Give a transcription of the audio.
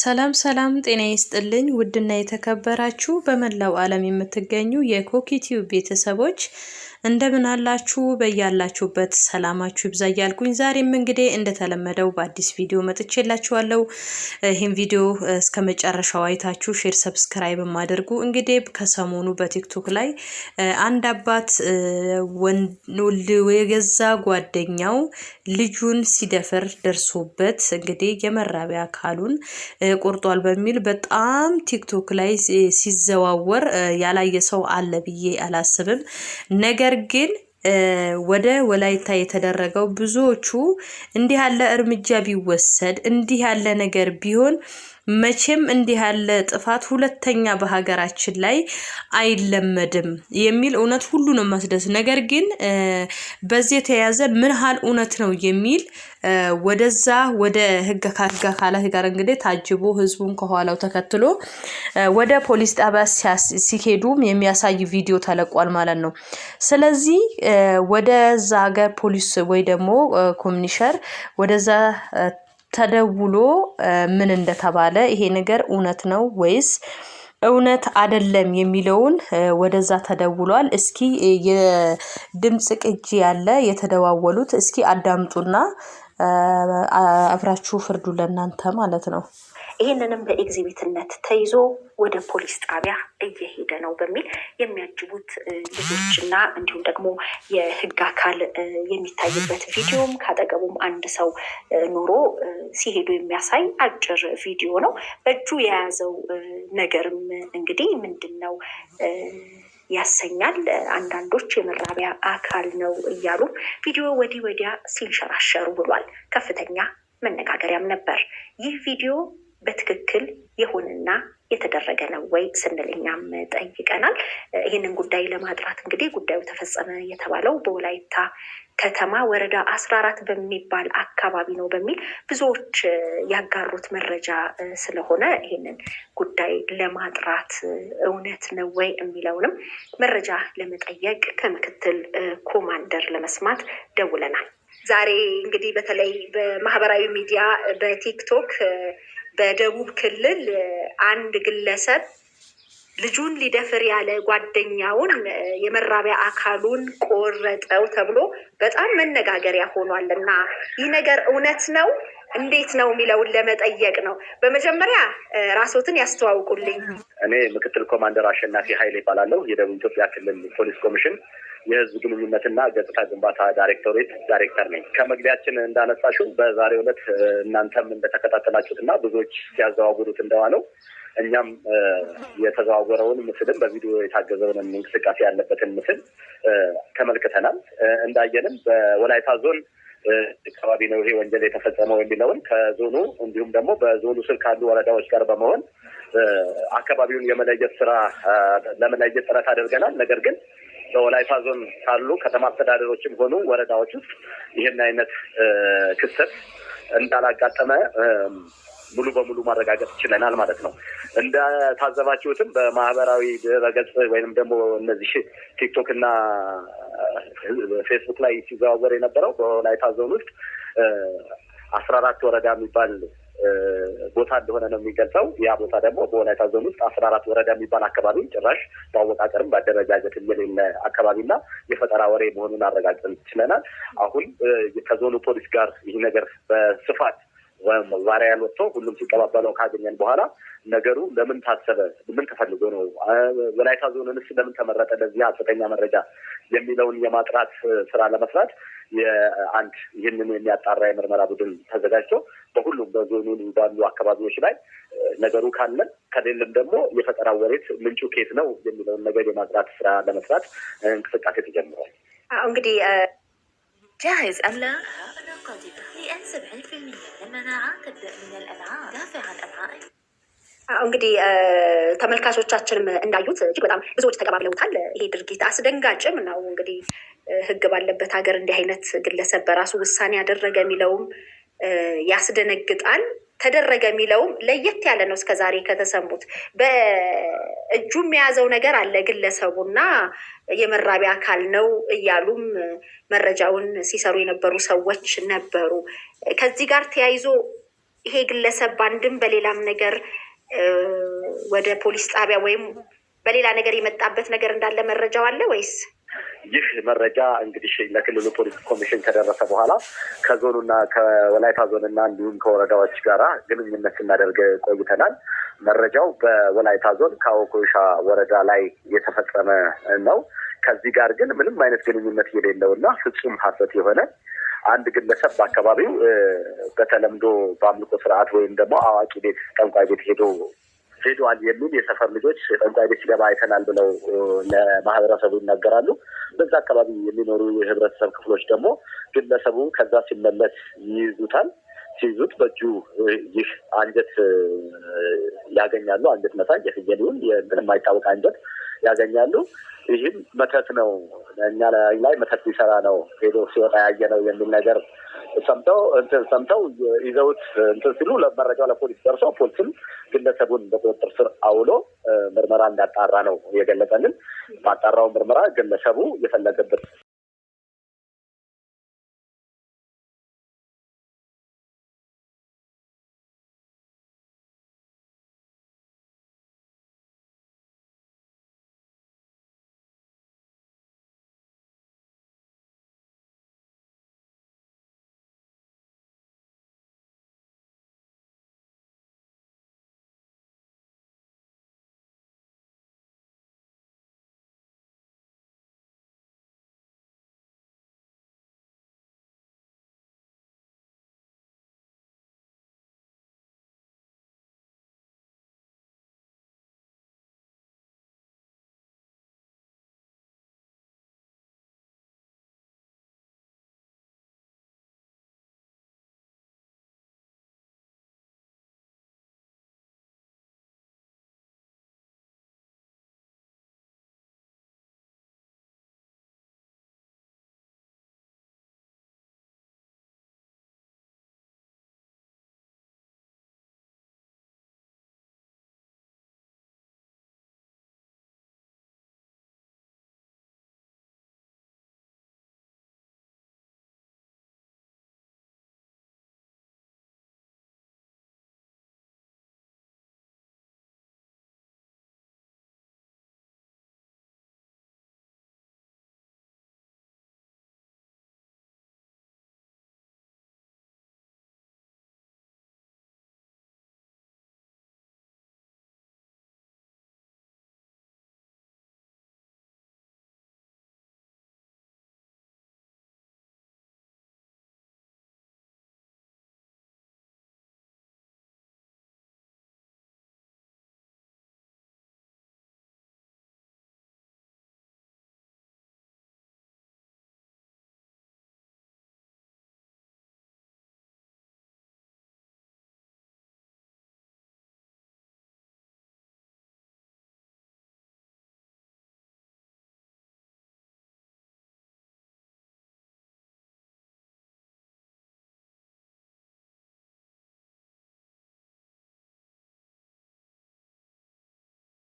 ሰላም ሰላም፣ ጤና ይስጥልኝ ውድና የተከበራችሁ በመላው ዓለም የምትገኙ የኮኪቲው ቤተሰቦች እንደምን አላችሁ? በያላችሁበት ሰላማችሁ ይብዛ እያልኩኝ ዛሬም እንግዲህ እንደተለመደው በአዲስ ቪዲዮ መጥቼላችኋለሁ። ይህም ቪዲዮ እስከ መጨረሻው አይታችሁ ሼር፣ ሰብስክራይብ ማድርጉ። እንግዲህ ከሰሞኑ በቲክቶክ ላይ አንድ አባት የገዛ ጓደኛው ልጁን ሲደፍር ደርሶበት እንግዲህ የመራቢያ አካሉን ቆርጧል በሚል በጣም ቲክቶክ ላይ ሲዘዋወር ያላየ ሰው አለ ብዬ አላስብም። ነገር ግን ወደ ወላይታ የተደረገው ብዙዎቹ እንዲህ ያለ እርምጃ ቢወሰድ እንዲህ ያለ ነገር ቢሆን መቼም እንዲህ ያለ ጥፋት ሁለተኛ በሀገራችን ላይ አይለመድም የሚል እውነት ሁሉንም ማስደስ ነገር ግን በዚህ የተያያዘ ምን ሀል እውነት ነው የሚል ወደዛ ወደ ህግ አካላት ጋር እንግዲህ ታጅቦ ህዝቡን ከኋላው ተከትሎ ወደ ፖሊስ ጣቢያ ሲሄዱም የሚያሳይ ቪዲዮ ተለቋል ማለት ነው። ስለዚህ ወደዛ ሀገር ፖሊስ ወይ ደግሞ ኮሚኒሸር ወደዛ ተደውሎ ምን እንደተባለ ይሄ ነገር እውነት ነው ወይስ እውነት አደለም የሚለውን ወደዛ ተደውሏል። እስኪ የድምፅ ቅጂ ያለ የተደዋወሉት እስኪ አዳምጡና አብራችሁ ፍርዱ ለእናንተ ማለት ነው። ይህንንም ለኤግዚቢትነት ተይዞ ወደ ፖሊስ ጣቢያ እየሄደ ነው በሚል የሚያጅቡት እና እንዲሁም ደግሞ የህግ አካል የሚታይበት ቪዲዮም ካጠገቡም አንድ ሰው ኖሮ ሲሄዱ የሚያሳይ አጭር ቪዲዮ ነው። በእጁ የያዘው ነገርም እንግዲህ ምንድን ነው ያሰኛል። አንዳንዶች የመራቢያ አካል ነው እያሉ ቪዲዮ ወዲህ ወዲያ ሲንሸራሸሩ ብሏል። ከፍተኛ መነጋገሪያም ነበር ይህ ቪዲዮ በትክክል የሆነና የተደረገ ነው ወይ ስንል እኛም ጠይቀናል። ይህንን ጉዳይ ለማጥራት እንግዲህ ጉዳዩ ተፈጸመ የተባለው በወላይታ ከተማ ወረዳ አስራ አራት በሚባል አካባቢ ነው በሚል ብዙዎች ያጋሩት መረጃ ስለሆነ ይህንን ጉዳይ ለማጥራት እውነት ነው ወይ የሚለውንም መረጃ ለመጠየቅ ከምክትል ኮማንደር ለመስማት ደውለናል። ዛሬ እንግዲህ በተለይ በማህበራዊ ሚዲያ በቲክቶክ በደቡብ ክልል አንድ ግለሰብ ልጁን ሊደፍር ያለ ጓደኛውን የመራቢያ አካሉን ቆረጠው ተብሎ በጣም መነጋገሪያ ሆኗል እና ይህ ነገር እውነት ነው እንዴት ነው የሚለውን ለመጠየቅ ነው። በመጀመሪያ ራስዎትን ያስተዋውቁልኝ። እኔ ምክትል ኮማንደር አሸናፊ ኃይሌ ይባላለሁ። የደቡብ ኢትዮጵያ ክልል ፖሊስ ኮሚሽን የህዝብ ግንኙነትና ገጽታ ግንባታ ዳይሬክቶሬት ዳይሬክተር ነኝ። ከመግቢያችን እንዳነሳሹ በዛሬው ዕለት እናንተም እንደተከታተላችሁት እና ብዙዎች ሲያዘዋውሩት እንደዋለው እኛም የተዘዋወረውን ምስልም በቪዲዮ የታገዘውን እንቅስቃሴ ያለበትን ምስል ተመልክተናል። እንዳየንም በወላይታ ዞን አካባቢ ነው ይሄ ወንጀል የተፈጸመው የሚለውን ከዞኑ እንዲሁም ደግሞ በዞኑ ስር ካሉ ወረዳዎች ጋር በመሆን አካባቢውን የመለየት ስራ ለመለየት ጥረት አድርገናል። ነገር ግን በወላይታ ዞን ካሉ ከተማ አስተዳደሮችም ሆኑ ወረዳዎች ውስጥ ይህን አይነት ክስተት እንዳላጋጠመ ሙሉ በሙሉ ማረጋገጥ ችለናል ማለት ነው። እንደታዘባችሁትም በማህበራዊ ድረገጽ ወይም ደግሞ እነዚህ ቲክቶክ እና ፌስቡክ ላይ ሲዘዋወር የነበረው በወላይታ ዞን ውስጥ አስራ አራት ወረዳ የሚባል ቦታ እንደሆነ ነው የሚገልጸው። ያ ቦታ ደግሞ በወላይታ ዞን ውስጥ አስራ አራት ወረዳ የሚባል አካባቢ ጭራሽ በአወቃቀርም በአደረጃጀት የሌለ አካባቢና የፈጠራ ወሬ መሆኑን አረጋግጠን ችለናል። አሁን ከዞኑ ፖሊስ ጋር ይህ ነገር በስፋት መዋሪያ ያልወጥቶ ሁሉም ሲቀባበለው ካገኘን በኋላ ነገሩ ለምን ታሰበ፣ ምን ተፈልጎ ነው፣ ወላይታ ዞንንስ ለምን ተመረጠ፣ ለዚህ ሀሰተኛ መረጃ የሚለውን የማጥራት ስራ ለመስራት የአንድ ይህንን የሚያጣራ የምርመራ ቡድን ተዘጋጅቶ በሁሉም በዞኑ ባሉ አካባቢዎች ላይ ነገሩ ካለን ከሌለም ደግሞ የፈጠራ ወሬት ምንጩ ኬት ነው የሚለውን ነገር የማጥራት ስራ ለመስራት እንቅስቃሴ ተጀምሯል። እንግዲህ ጃይዝ አለ እንግዲህ ተመልካቾቻችንም እንዳዩት እጅግ በጣም ብዙዎች ተቀባብለውታል። ይሄ ድርጊት አስደንጋጭም ነው። እንግዲህ ሕግ ባለበት ሀገር እንዲህ አይነት ግለሰብ በራሱ ውሳኔ ያደረገ የሚለውም ያስደነግጣል። ተደረገ የሚለውም ለየት ያለ ነው። እስከዛሬ ከተሰሙት በእጁ የያዘው ነገር አለ ግለሰቡና የመራቢያ አካል ነው እያሉም መረጃውን ሲሰሩ የነበሩ ሰዎች ነበሩ። ከዚህ ጋር ተያይዞ ይሄ ግለሰብ በአንድም በሌላም ነገር ወደ ፖሊስ ጣቢያ ወይም በሌላ ነገር የመጣበት ነገር እንዳለ መረጃው አለ ወይስ ይህ መረጃ እንግዲህ ለክልሉ ፖሊስ ኮሚሽን ከደረሰ በኋላ ከዞኑና ከወላይታ ዞንና እንዲሁም ከወረዳዎች ጋራ ግንኙነት ስናደርግ ቆይተናል። መረጃው በወላይታ ዞን ከአወኮሻ ወረዳ ላይ የተፈጸመ ነው። ከዚህ ጋር ግን ምንም አይነት ግንኙነት የሌለውና ፍጹም ሐሰት የሆነ አንድ ግለሰብ በአካባቢው በተለምዶ በአምልኮ ስርዓት ወይም ደግሞ አዋቂ ቤት ጠንቋይ ቤት ሄዶ ሄደዋል የሚል የሰፈር ልጆች ጠንቋይ ቤት ሲገባ አይተናል ብለው ለማህበረሰቡ ይናገራሉ። በዛ አካባቢ የሚኖሩ የህብረተሰብ ክፍሎች ደግሞ ግለሰቡ ከዛ ሲመለስ ይይዙታል። ሲይዙት በእጁ ይህ አንጀት ያገኛሉ። አንጀት መሳይ የፍየል ይሁን የማይታወቅ አንጀት ያገኛሉ። ይህም መተት ነው፣ እኛ ላይ መተት ሊሰራ ነው ሄዶ ሲወጣ ያየ ነው የሚል ነገር ሰምተው እንትን ሰምተው ይዘውት እንትን ሲሉ መረጃው ለፖሊስ ደርሶ ፖሊስም ግለሰቡን በቁጥጥር ስር አውሎ ምርመራ እንዳጣራ ነው የገለጸልን። ባጣራው ምርመራ ግለሰቡ የፈለገበት